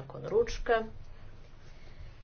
nakon ručka.